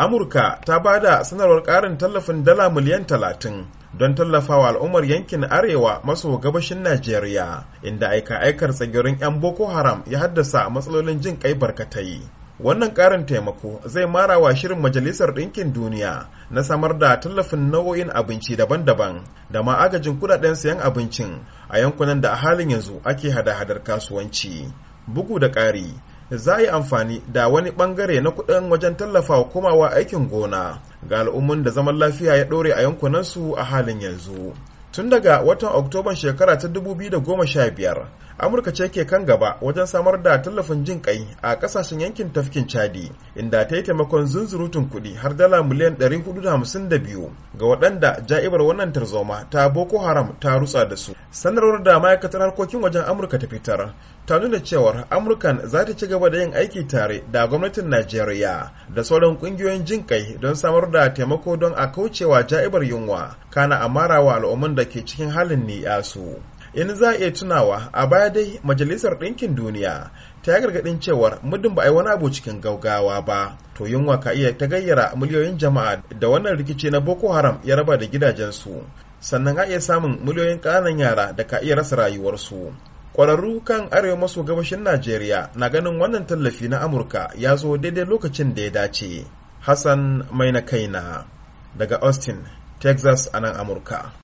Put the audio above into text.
amurka ta ba da sanarwar ƙarin tallafin dala miliyan 30 don tallafawa al'ummar yankin arewa maso gabashin najeriya inda aika aikar tsagirin 'yan boko haram ya haddasa matsalolin jin kai barkatai wannan ƙarin taimako zai marawa shirin majalisar ɗinkin duniya na samar da tallafin nau'o'in abinci daban-daban da ma agajin kudaden sayan abincin a yankunan da a halin yanzu ake hada-hadar kasuwanci bugu da ƙari za a yi amfani da wani bangare na kuɗin wajen tallafa komawa aikin gona ga al'ummun da zaman lafiya ya ɗore a yankunansu a halin yanzu tun daga watan oktoban shekara ta 2015 amurka ce ke kan gaba wajen samar da tallafin jin kai a kasashen yankin tafkin chadi inda ta yi taimakon zunzurutun kuɗi har dala miliyan 452 ga waɗanda ja'ibar wannan tarzoma ta boko haram ta rutsa da su sanarwar da ma'aikatar harkokin wajen amurka ta fitar ta nuna cewar amurkan za ta ci gaba da yin aiki tare da gwamnatin najeriya da sauran ƙungiyoyin jin kai don samar da taimako don a kaucewa ja'ibar yunwa kana a marawa al'umman da ke cikin halin su. in za a iya tunawa a baya dai majalisar ɗinkin duniya ta gargaɗin cewar muddin ba a yi wani abu cikin gaugawa ba to yunwa ka iya ta gayyara miliyoyin jama'a da wannan rikici na boko haram ya raba da gidajen su, sannan a iya samun miliyoyin ƙananan yara da ka iya rasa rayuwarsu kwararru kan arewa maso gabashin najeriya na ganin wannan tallafi na amurka ya zo daidai lokacin da ya dace hassan mai na kaina daga austin texas a nan amurka